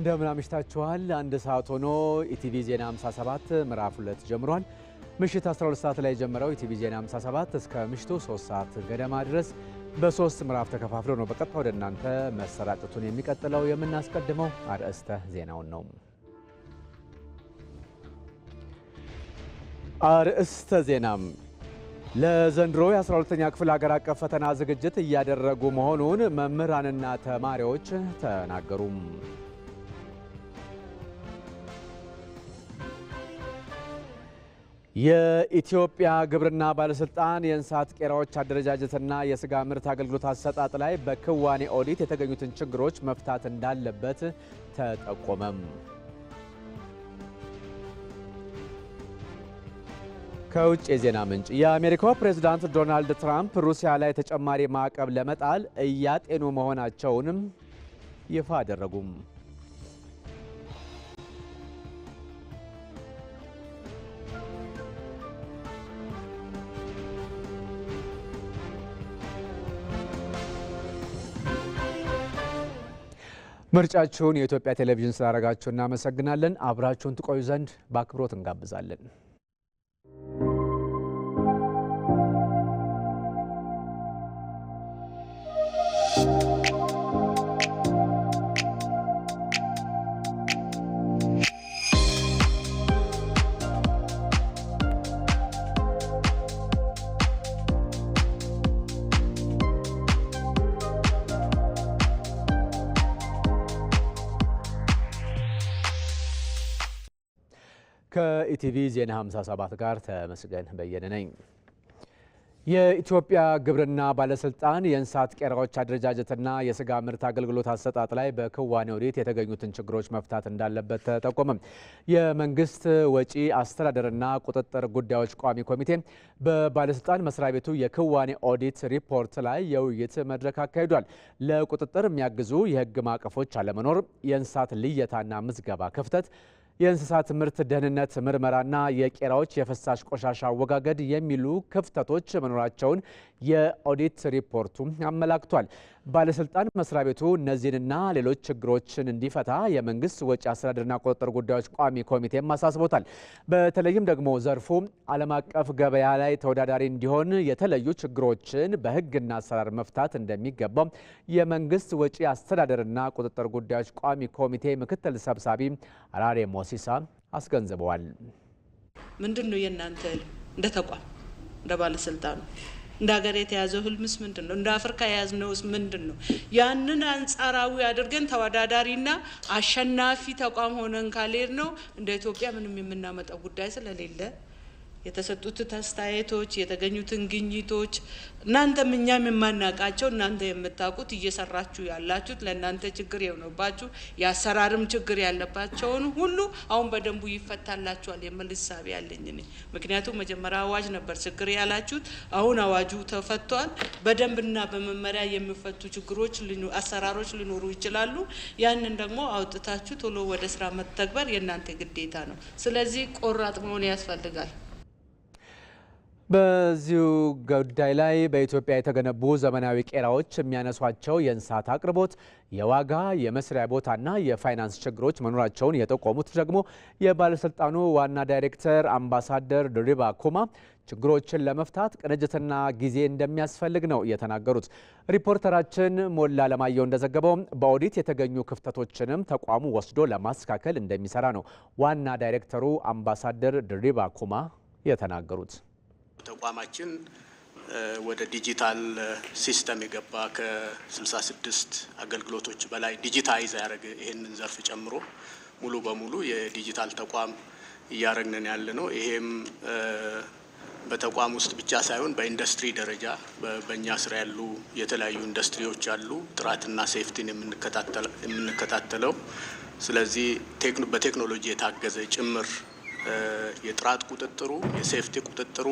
እንደምን አምሽታችኋል። አንድ ሰዓት ሆኖ ኢቲቪ ዜና 57 ምዕራፍ 2 ጀምሯል። ምሽት 12 ሰዓት ላይ ጀምረው ኢቲቪ ዜና 57 እስከ ምሽቱ 3 ሰዓት ገደማ ድረስ በሶስት ምዕራፍ ተከፋፍሎ ነው በቀጥታ ወደ እናንተ መሰራጨቱን የሚቀጥለው። የምናስቀድመው አርዕስተ ዜናውን ነው። አርዕስተ ዜናም ለዘንድሮ የ12ኛ ክፍል ሀገር አቀፍ ፈተና ዝግጅት እያደረጉ መሆኑን መምህራንና ተማሪዎች ተናገሩም። የኢትዮጵያ ግብርና ባለስልጣን የእንስሳት ቄራዎች አደረጃጀትና የስጋ ምርት አገልግሎት አሰጣጥ ላይ በክዋኔ ኦዲት የተገኙትን ችግሮች መፍታት እንዳለበት ተጠቆመም። ከውጭ የዜና ምንጭ የአሜሪካው ፕሬዝዳንት ዶናልድ ትራምፕ ሩሲያ ላይ ተጨማሪ ማዕቀብ ለመጣል እያጤኑ መሆናቸውንም ይፋ አደረጉም። ምርጫችሁን የኢትዮጵያ ቴሌቪዥን ስላደረጋችሁ እናመሰግናለን። አብራችሁን ትቆዩ ዘንድ በአክብሮት እንጋብዛለን። ከኢቲቪ ዜና 57 ጋር ተመስገን በየነ ነኝ። የኢትዮጵያ ግብርና ባለስልጣን የእንስሳት ቄራዎች አደረጃጀትና የስጋ ምርት አገልግሎት አሰጣጥ ላይ በክዋኔ ኦዲት የተገኙትን ችግሮች መፍታት እንዳለበት ተጠቆመ። የመንግስት ወጪ አስተዳደርና ቁጥጥር ጉዳዮች ቋሚ ኮሚቴ በባለስልጣን መስሪያ ቤቱ የክዋኔ ኦዲት ሪፖርት ላይ የውይይት መድረክ አካሂዷል። ለቁጥጥር የሚያግዙ የህግ ማዕቀፎች አለመኖር፣ የእንስሳት ልየታና ምዝገባ ክፍተት የእንስሳት ምርት ደህንነት ምርመራና የቄራዎች የፍሳሽ ቆሻሻ አወጋገድ የሚሉ ክፍተቶች መኖራቸውን የኦዲት ሪፖርቱ አመላክቷል። ባለስልጣን መስሪያ ቤቱ እነዚህንና ሌሎች ችግሮችን እንዲፈታ የመንግስት ወጪ አስተዳደርና ቁጥጥር ጉዳዮች ቋሚ ኮሚቴም አሳስቦታል። በተለይም ደግሞ ዘርፉ ዓለም አቀፍ ገበያ ላይ ተወዳዳሪ እንዲሆን የተለዩ ችግሮችን በህግና አሰራር መፍታት እንደሚገባው የመንግስት ወጪ አስተዳደርና ቁጥጥር ጉዳዮች ቋሚ ኮሚቴ ምክትል ሰብሳቢ ራሬ ሞሲሳ አስገንዝበዋል። ምንድን ነው የእናንተ እንደ ተቋም እንደ ባለስልጣኑ እንደ ሀገር የተያዘው ህልምስ ምንድን ነው? እንደ አፍሪካ የያዝነውስ ምንድን ነው? ያንን አንጻራዊ አድርገን ተወዳዳሪና አሸናፊ ተቋም ሆነን ካልሄድ ነው እንደ ኢትዮጵያ ምንም የምናመጣው ጉዳይ ስለሌለ የተሰጡት አስተያየቶች፣ የተገኙትን ግኝቶች እናንተም እኛም የማናውቃቸው እናንተ የምታውቁት እየሰራችሁ ያላችሁት ለእናንተ ችግር የሆነባችሁ የአሰራርም ችግር ያለባቸውን ሁሉ አሁን በደንቡ ይፈታላችኋል የሚል ሳቢ ያለኝ እኔ። ምክንያቱም መጀመሪያ አዋጅ ነበር ችግር ያላችሁት፣ አሁን አዋጁ ተፈቷል። በደንብና በመመሪያ የሚፈቱ ችግሮች፣ አሰራሮች ሊኖሩ ይችላሉ። ያንን ደግሞ አውጥታችሁ ቶሎ ወደ ስራ መተግበር የእናንተ ግዴታ ነው። ስለዚህ ቆራጥ መሆን ያስፈልጋል። በዚሁ ጉዳይ ላይ በኢትዮጵያ የተገነቡ ዘመናዊ ቄራዎች የሚያነሷቸው የእንስሳት አቅርቦት፣ የዋጋ፣ የመስሪያ ቦታና የፋይናንስ ችግሮች መኖራቸውን የጠቆሙት ደግሞ የባለስልጣኑ ዋና ዳይሬክተር አምባሳደር ድሪባ ኩማ ችግሮችን ለመፍታት ቅንጅትና ጊዜ እንደሚያስፈልግ ነው የተናገሩት። ሪፖርተራችን ሞላ ለማየው እንደዘገበው በኦዲት የተገኙ ክፍተቶችንም ተቋሙ ወስዶ ለማስተካከል እንደሚሰራ ነው ዋና ዳይሬክተሩ አምባሳደር ድሪባ ኩማ የተናገሩት። ተቋማችን ወደ ዲጂታል ሲስተም የገባ ከ66 አገልግሎቶች በላይ ዲጂታይዝ ያደረገ ይህንን ዘርፍ ጨምሮ ሙሉ በሙሉ የዲጂታል ተቋም እያረግንን ያለ ነው። ይሄም በተቋም ውስጥ ብቻ ሳይሆን በኢንዱስትሪ ደረጃ በእኛ ስራ ያሉ የተለያዩ ኢንዱስትሪዎች አሉ፣ ጥራትና ሴፍቲን የምንከታተለው። ስለዚህ በቴክኖሎጂ የታገዘ ጭምር የጥራት ቁጥጥሩ የሴፍቲ ቁጥጥሩ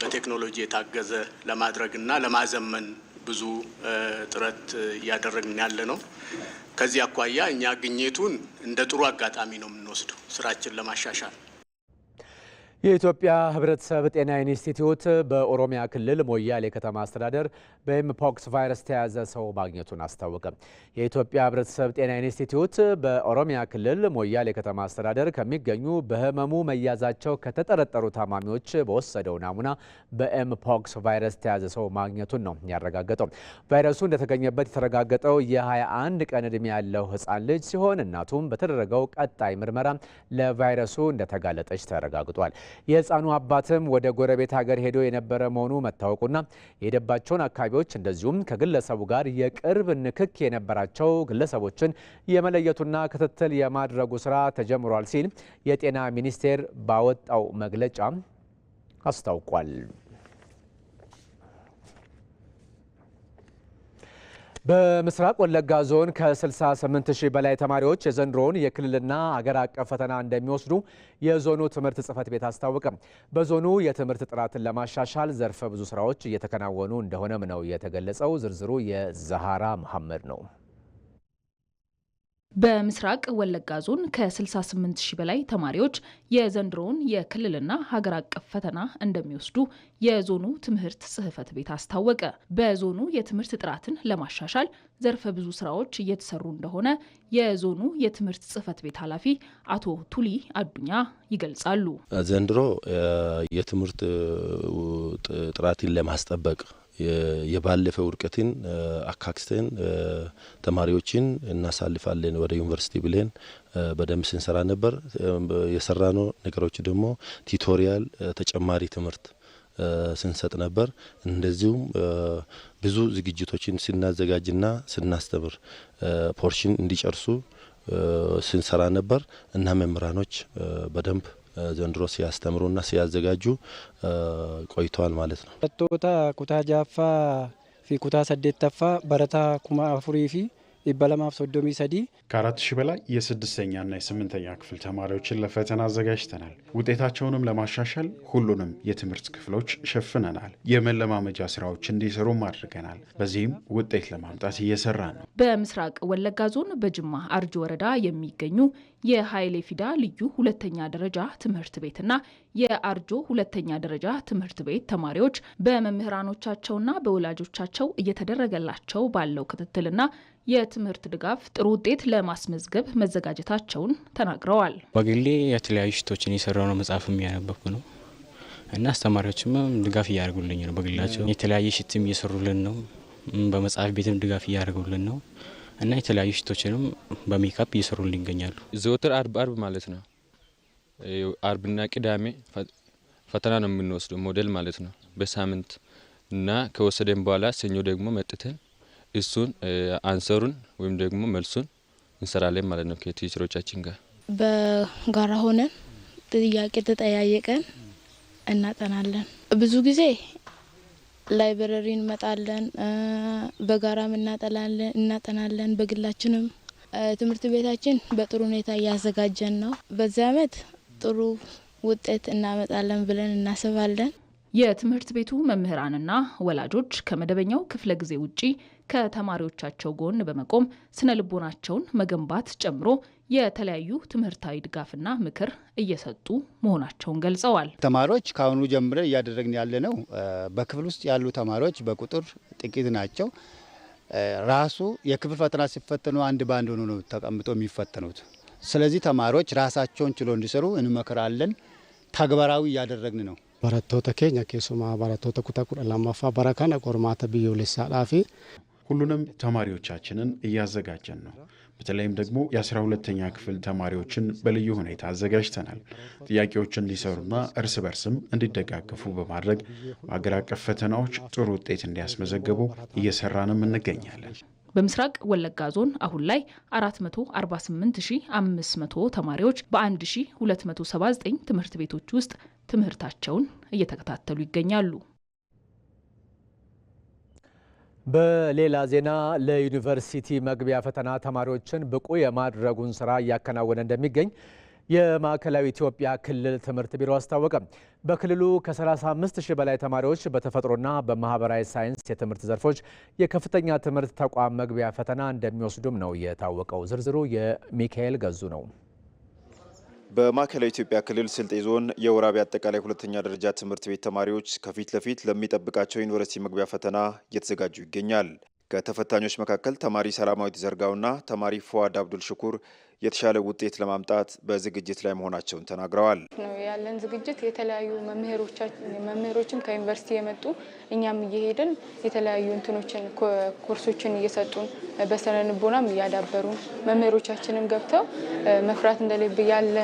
በቴክኖሎጂ የታገዘ ለማድረግ እና ለማዘመን ብዙ ጥረት እያደረግን ያለ ነው። ከዚህ አኳያ እኛ ግኝቱን እንደ ጥሩ አጋጣሚ ነው የምንወስደው ስራችን ለማሻሻል የኢትዮጵያ ህብረተሰብ ጤና ኢንስቲትዩት በኦሮሚያ ክልል ሞያሌ ከተማ አስተዳደር በኤምፖክስ ቫይረስ ተያዘ ሰው ማግኘቱን አስታወቀ። የኢትዮጵያ ህብረተሰብ ጤና ኢንስቲትዩት በኦሮሚያ ክልል ሞያሌ ከተማ አስተዳደር ከሚገኙ በህመሙ መያዛቸው ከተጠረጠሩ ታማሚዎች በወሰደው ናሙና በኤምፖክስ ቫይረስ ተያዘ ሰው ማግኘቱን ነው ያረጋገጠው። ቫይረሱ እንደተገኘበት የተረጋገጠው የ21 ቀን ዕድሜ ያለው ህፃን ልጅ ሲሆን እናቱም በተደረገው ቀጣይ ምርመራ ለቫይረሱ እንደተጋለጠች ተረጋግጧል። የህፃኑ አባትም ወደ ጎረቤት ሀገር ሄዶ የነበረ መሆኑ መታወቁና የሄደባቸውን አካባቢዎች እንደዚሁም ከግለሰቡ ጋር የቅርብ ንክክ የነበራቸው ግለሰቦችን የመለየቱና ክትትል የማድረጉ ስራ ተጀምሯል ሲል የጤና ሚኒስቴር ባወጣው መግለጫ አስታውቋል። በምስራቅ ወለጋ ዞን ከ68 ሺህ በላይ ተማሪዎች የዘንድሮውን የክልልና አገር አቀፍ ፈተና እንደሚወስዱ የዞኑ ትምህርት ጽፈት ቤት አስታወቀም። በዞኑ የትምህርት ጥራትን ለማሻሻል ዘርፈ ብዙ ስራዎች እየተከናወኑ እንደሆነም ነው የተገለጸው። ዝርዝሩ የዛሃራ መሐመድ ነው። በምስራቅ ወለጋ ዞን ከ68 ሺህ በላይ ተማሪዎች የዘንድሮውን የክልልና ሀገር አቀፍ ፈተና እንደሚወስዱ የዞኑ ትምህርት ጽሕፈት ቤት አስታወቀ። በዞኑ የትምህርት ጥራትን ለማሻሻል ዘርፈ ብዙ ስራዎች እየተሰሩ እንደሆነ የዞኑ የትምህርት ጽሕፈት ቤት ኃላፊ አቶ ቱሊ አዱኛ ይገልጻሉ። ዘንድሮ የትምህርት ጥራትን ለማስጠበቅ የባለፈው ውድቀትን አካክስተን ተማሪዎችን እናሳልፋለን ወደ ዩኒቨርሲቲ ብለን በደንብ ስንሰራ ነበር። የሰራነው ነገሮች ደግሞ ቲቶሪያል፣ ተጨማሪ ትምህርት ስንሰጥ ነበር። እንደዚሁም ብዙ ዝግጅቶችን ስናዘጋጅና ስናስተምር ፖርሽን እንዲጨርሱ ስንሰራ ነበር እና መምህራኖች በደንብ ዘንድሮ ሲያስተምሩና ሲያዘጋጁ ቆይተዋል ማለት ነው። ቶታ ኩታ ጃፋ ፊ ኩታ ተፋ በረታ ኩማ አፉሪ ፊ ይበለማፍ ሶዶሚ ሰዲ ከአራት ሺህ በላይ የስድስተኛና የስምንተኛ ክፍል ተማሪዎችን ለፈተና አዘጋጅተናል። ውጤታቸውንም ለማሻሻል ሁሉንም የትምህርት ክፍሎች ሸፍነናል። የመለማመጃ ስራዎች እንዲሰሩም አድርገናል። በዚህም ውጤት ለማምጣት እየሰራ ነው። በምስራቅ ወለጋ ዞን በጅማ አርጅ ወረዳ የሚገኙ የሀይሌ ፊዳ ልዩ ሁለተኛ ደረጃ ትምህርት ቤትና የአርጆ ሁለተኛ ደረጃ ትምህርት ቤት ተማሪዎች በመምህራኖቻቸውና በወላጆቻቸው እየተደረገላቸው ባለው ክትትልና የትምህርት ድጋፍ ጥሩ ውጤት ለማስመዝገብ መዘጋጀታቸውን ተናግረዋል። በግሌ የተለያዩ ሽቶችን የሰራው ነው መጽሐፍ እያነበብኩ ነው እና አስተማሪዎችም ድጋፍ እያደርጉልኝ ነው። በግላቸው የተለያየ ሽትም እየሰሩልን ነው። በመጽሐፍ ቤትም ድጋፍ እያደርጉልን ነው እና የተለያዩ ሽቶችንም በሜካፕ እየሰሩልን ይገኛሉ። ዘወትር አርብ አርብ ማለት ነው። አርብና ቅዳሜ ፈተና ነው የምንወስደው ሞዴል ማለት ነው በሳምንት እና ከወሰደን በኋላ ሰኞ ደግሞ መጥተን እሱን አንሰሩን ወይም ደግሞ መልሱን እንሰራለን ማለት ነው ከቲቸሮቻችን ጋር በጋራ ሆነን ጥያቄ ተጠያየቀን እናጠናለን። ብዙ ጊዜ ላይብረሪ እንመጣለን፣ በጋራም እናጠናለን፣ በግላችንም ትምህርት ቤታችን በጥሩ ሁኔታ እያዘጋጀን ነው። በዚህ አመት ጥሩ ውጤት እናመጣለን ብለን እናስባለን። የትምህርት ቤቱ መምህራንና ወላጆች ከመደበኛው ክፍለ ጊዜ ውጪ ከተማሪዎቻቸው ጎን በመቆም ስነ ልቦናቸውን መገንባት ጨምሮ የተለያዩ ትምህርታዊ ድጋፍና ምክር እየሰጡ መሆናቸውን ገልጸዋል። ተማሪዎች ከአሁኑ ጀምረ እያደረግን ያለ ነው። በክፍል ውስጥ ያሉ ተማሪዎች በቁጥር ጥቂት ናቸው። ራሱ የክፍል ፈተና ሲፈተኑ አንድ በአንድ ሆኖ ነው ተቀምጦ የሚፈተኑት። ስለዚህ ተማሪዎች ራሳቸውን ችሎ እንዲሰሩ እንመክራለን። ተግባራዊ እያደረግን ነው። barattoota keenya keessumaa barattoota kutaa kudha lammaffaa bara kana qormaata biyyoolessaadhaaf ሁሉንም ተማሪዎቻችንን እያዘጋጀን ነው። በተለይም ደግሞ የአስራ ሁለተኛ ክፍል ተማሪዎችን በልዩ ሁኔታ አዘጋጅተናል። ጥያቄዎችን እንዲሰሩና እርስ በርስም እንዲደጋገፉ በማድረግ በአገር አቀፍ ፈተናዎች ጥሩ ውጤት እንዲያስመዘግቡ እየሰራንም እንገኛለን። በምስራቅ ወለጋ ዞን አሁን ላይ 448500 ተማሪዎች በ1279 ትምህርት ቤቶች ውስጥ ትምህርታቸውን እየተከታተሉ ይገኛሉ። በሌላ ዜና ለዩኒቨርሲቲ መግቢያ ፈተና ተማሪዎችን ብቁ የማድረጉን ስራ እያከናወነ እንደሚገኝ የማዕከላዊ ኢትዮጵያ ክልል ትምህርት ቢሮ አስታወቀ። በክልሉ ከ35 ሺህ በላይ ተማሪዎች በተፈጥሮና በማህበራዊ ሳይንስ የትምህርት ዘርፎች የከፍተኛ ትምህርት ተቋም መግቢያ ፈተና እንደሚወስዱም ነው የታወቀው። ዝርዝሩ የሚካኤል ገዙ ነው። በማዕከላዊ ኢትዮጵያ ክልል ስልጤ ዞን የወራቤ አጠቃላይ ሁለተኛ ደረጃ ትምህርት ቤት ተማሪዎች ከፊት ለፊት ለሚጠብቃቸው ዩኒቨርሲቲ መግቢያ ፈተና እየተዘጋጁ ይገኛል። ከተፈታኞች መካከል ተማሪ ሰላማዊት ዘርጋውና ተማሪ ፉአድ አብዱል ሽኩር የተሻለ ውጤት ለማምጣት በዝግጅት ላይ መሆናቸውን ተናግረዋል። ያለን ዝግጅት የተለያዩ መምህሮችም ከዩኒቨርሲቲ የመጡ እኛም እየሄድን የተለያዩ እንትኖችን ኮርሶችን እየሰጡን በስነ ልቦናም እያዳበሩን መምህሮቻችንም ገብተው መፍራት እንደሌብ ያለ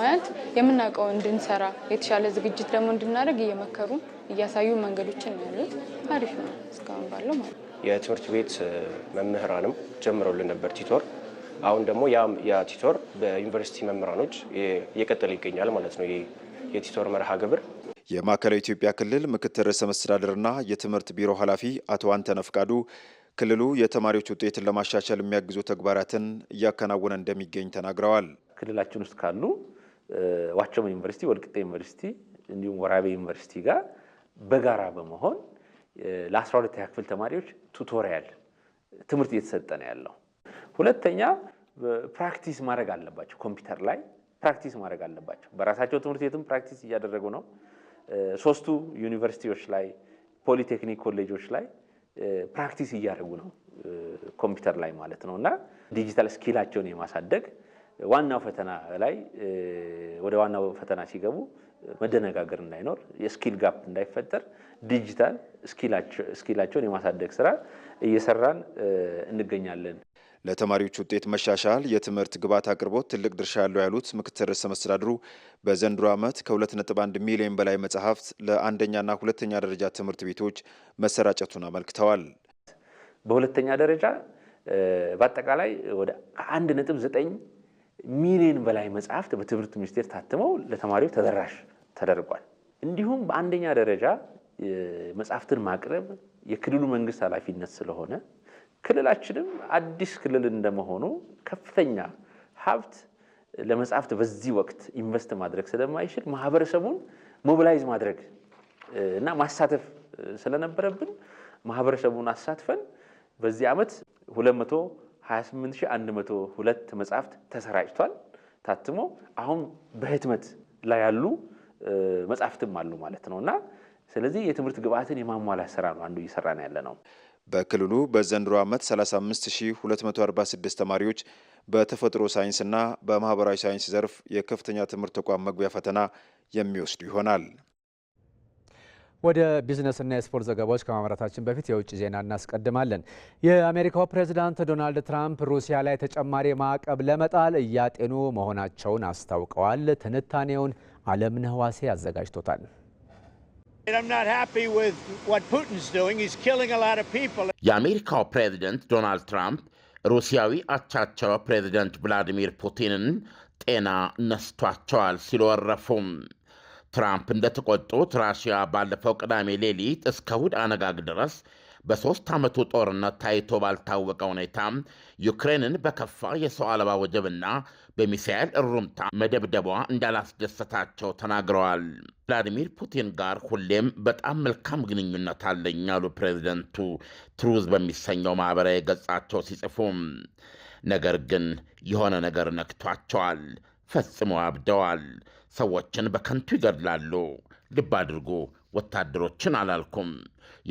ማለት የምናውቀው እንድንሰራ የተሻለ ዝግጅት ደግሞ እንድናደርግ እየመከሩ እያሳዩ መንገዶችን ያሉት አሪፍ ነው እስካሁን ባለው ማለት ነው። የትምህርት ቤት መምህራንም ጀምረውልን ነበር ቲቶር አሁን ደግሞ ያ ቲቶር በዩኒቨርሲቲ መምህራኖች እየቀጠለ ይገኛል ማለት ነው። የቲቶር መርሃ ግብር የማዕከላዊ ኢትዮጵያ ክልል ምክትል ርዕሰ መስተዳድርና የትምህርት ቢሮ ኃላፊ አቶ አንተነ ፍቃዱ ክልሉ የተማሪዎች ውጤትን ለማሻሻል የሚያግዙ ተግባራትን እያከናወነ እንደሚገኝ ተናግረዋል። ክልላችን ውስጥ ካሉ ዋቸሞ ዩኒቨርሲቲ፣ ወልቅጤ ዩኒቨርሲቲ እንዲሁም ወራቤ ዩኒቨርሲቲ ጋር በጋራ በመሆን ለ12ኛ ክፍል ተማሪዎች ቱቶሪያል ትምህርት እየተሰጠ ነው ያለው። ሁለተኛ ፕራክቲስ ማድረግ አለባቸው። ኮምፒውተር ላይ ፕራክቲስ ማድረግ አለባቸው። በራሳቸው ትምህርት ቤትም ፕራክቲስ እያደረጉ ነው። ሶስቱ ዩኒቨርሲቲዎች ላይ፣ ፖሊቴክኒክ ኮሌጆች ላይ ፕራክቲስ እያደረጉ ነው፣ ኮምፒውተር ላይ ማለት ነው። እና ዲጂታል ስኪላቸውን የማሳደግ ዋናው ፈተና ላይ ወደ ዋናው ፈተና ሲገቡ መደነጋገር እንዳይኖር የስኪል ጋፕ እንዳይፈጠር ዲጂታል ስኪላቸውን የማሳደግ ስራ እየሰራን እንገኛለን። ለተማሪዎች ውጤት መሻሻል የትምህርት ግብዓት አቅርቦት ትልቅ ድርሻ ያለው ያሉት ምክትል ርዕሰ መስተዳድሩ በዘንድሮ ዓመት ከ2.1 ሚሊዮን በላይ መጽሐፍት ለአንደኛና ሁለተኛ ደረጃ ትምህርት ቤቶች መሰራጨቱን አመልክተዋል። በሁለተኛ ደረጃ በአጠቃላይ ወደ 1.9 ሚሊዮን በላይ መጽሐፍት በትምህርት ሚኒስቴር ታትመው ለተማሪዎች ተደራሽ ተደርጓል። እንዲሁም በአንደኛ ደረጃ መጽሐፍትን ማቅረብ የክልሉ መንግስት ኃላፊነት ስለሆነ ክልላችንም አዲስ ክልል እንደመሆኑ ከፍተኛ ሀብት ለመጽሐፍት በዚህ ወቅት ኢንቨስት ማድረግ ስለማይችል ማህበረሰቡን ሞቢላይዝ ማድረግ እና ማሳተፍ ስለነበረብን ማህበረሰቡን አሳትፈን በዚህ ዓመት 228102 መጽሐፍት ተሰራጭቷል፣ ታትሞ አሁን በህትመት ላይ ያሉ መጽሐፍትም አሉ ማለት ነው እና ስለዚህ የትምህርት ግብዓትን የማሟላት ስራ ነው አንዱ እየሰራ ነው ያለ ነው። በክልሉ በዘንድሮ ዓመት 35246 ተማሪዎች በተፈጥሮ ሳይንስና በማህበራዊ ሳይንስ ዘርፍ የከፍተኛ ትምህርት ተቋም መግቢያ ፈተና የሚወስዱ ይሆናል። ወደ ቢዝነስና የስፖርት ዘገባዎች ከማምራታችን በፊት የውጭ ዜና እናስቀድማለን። የአሜሪካው ፕሬዚዳንት ዶናልድ ትራምፕ ሩሲያ ላይ ተጨማሪ ማዕቀብ ለመጣል እያጤኑ መሆናቸውን አስታውቀዋል። ትንታኔውን አለምነህ ዋሴ አዘጋጅቶታል። የአሜሪካው ፕሬዚደንት ዶናልድ ትራምፕ ሩሲያዊ አቻቸው ፕሬዚደንት ቭላዲሚር ፑቲንን ጤና ነስቷቸዋል ሲሉ ወረፉም። ትራምፕ እንደተቆጡት ራሽያ ባለፈው ቅዳሜ ሌሊት እስከ ሁድ አነጋግ ድረስ በሦስት ዓመቱ ጦርነት ታይቶ ባልታወቀ ሁኔታ ዩክሬንን በከፋ የሰው አልባ ወጀብና በሚሳኤል እሩምታ መደብደቧ እንዳላስደሰታቸው ተናግረዋል። ቭላዲሚር ፑቲን ጋር ሁሌም በጣም መልካም ግንኙነት አለኝ ያሉ ፕሬዚደንቱ ትሩዝ በሚሰኘው ማኅበራዊ ገጻቸው ሲጽፉም፣ ነገር ግን የሆነ ነገር ነክቷቸዋል። ፈጽሞ አብደዋል። ሰዎችን በከንቱ ይገድላሉ። ልብ አድርጉ፣ ወታደሮችን አላልኩም።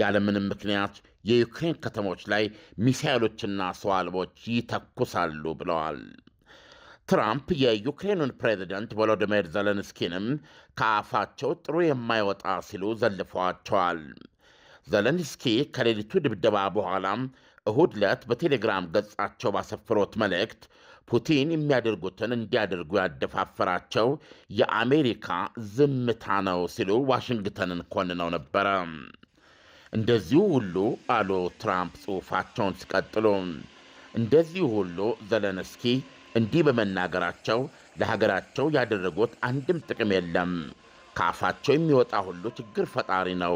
ያለምንም ምክንያት የዩክሬን ከተሞች ላይ ሚሳይሎችና ሰው አልቦች ይተኩሳሉ ብለዋል። ትራምፕ የዩክሬኑን ፕሬዚደንት ቮሎዲሚር ዘለንስኪንም ከአፋቸው ጥሩ የማይወጣ ሲሉ ዘልፈዋቸዋል። ዘለንስኪ ከሌሊቱ ድብደባ በኋላም እሁድ ዕለት በቴሌግራም ገጻቸው ባሰፈሩት መልእክት ፑቲን የሚያደርጉትን እንዲያደርጉ ያደፋፈራቸው የአሜሪካ ዝምታ ነው ሲሉ ዋሽንግተንን ኮንነው ነበረ። እንደዚሁ ሁሉ አሉ ትራምፕ ጽሑፋቸውን ሲቀጥሉ፣ እንደዚሁ ሁሉ ዘለንስኪ እንዲህ በመናገራቸው ለሀገራቸው ያደረጉት አንድም ጥቅም የለም። ከአፋቸው የሚወጣ ሁሉ ችግር ፈጣሪ ነው፣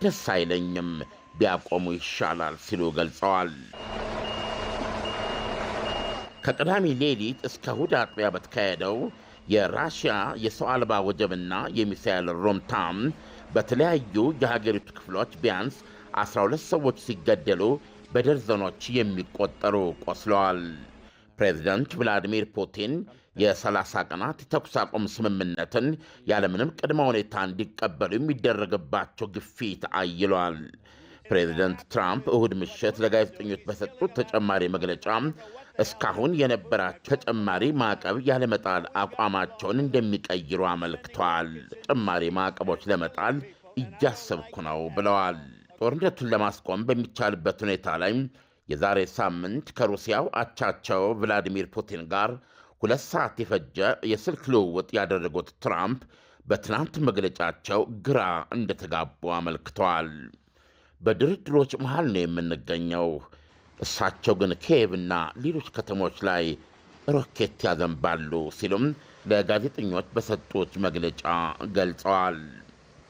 ደስ አይለኝም፣ ቢያቆሙ ይሻላል ሲሉ ገልጸዋል። ከቅዳሜ ሌሊት እስከ እሁድ አጥቢያ በተካሄደው የራሽያ የሰው አልባ ወጀብና የሚሳኤል ሮምታም በተለያዩ የሀገሪቱ ክፍሎች ቢያንስ 12 ሰዎች ሲገደሉ በደርዘኖች የሚቆጠሩ ቆስለዋል። ፕሬዚደንት ቭላዲሚር ፑቲን የ30 ቀናት የተኩስ አቁም ስምምነትን ያለምንም ቅድመ ሁኔታ እንዲቀበሉ የሚደረግባቸው ግፊት አይሏል። ፕሬዚደንት ትራምፕ እሁድ ምሽት ለጋዜጠኞች በሰጡት ተጨማሪ መግለጫ እስካሁን የነበራቸው ተጨማሪ ማዕቀብ ያለመጣል አቋማቸውን እንደሚቀይሩ አመልክተዋል። ተጨማሪ ማዕቀቦች ለመጣል እያሰብኩ ነው ብለዋል። ጦርነቱን ለማስቆም በሚቻልበት ሁኔታ ላይ የዛሬ ሳምንት ከሩሲያው አቻቸው ቭላዲሚር ፑቲን ጋር ሁለት ሰዓት የፈጀ የስልክ ልውውጥ ያደረጉት ትራምፕ በትናንት መግለጫቸው ግራ እንደተጋቡ አመልክተዋል። በድርድሮች መሃል ነው የምንገኘው። እሳቸው ግን ኪየቭና ሌሎች ከተሞች ላይ ሮኬት ያዘንባሉ ሲሉም ለጋዜጠኞች በሰጡት መግለጫ ገልጸዋል።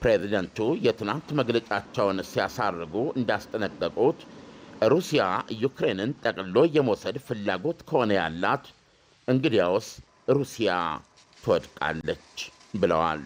ፕሬዚደንቱ የትናንት መግለጫቸውን ሲያሳርጉ እንዳስጠነቀቁት ሩሲያ ዩክሬንን ጠቅሎ የመውሰድ ፍላጎት ከሆነ ያላት እንግዲያውስ ሩሲያ ትወድቃለች ብለዋል።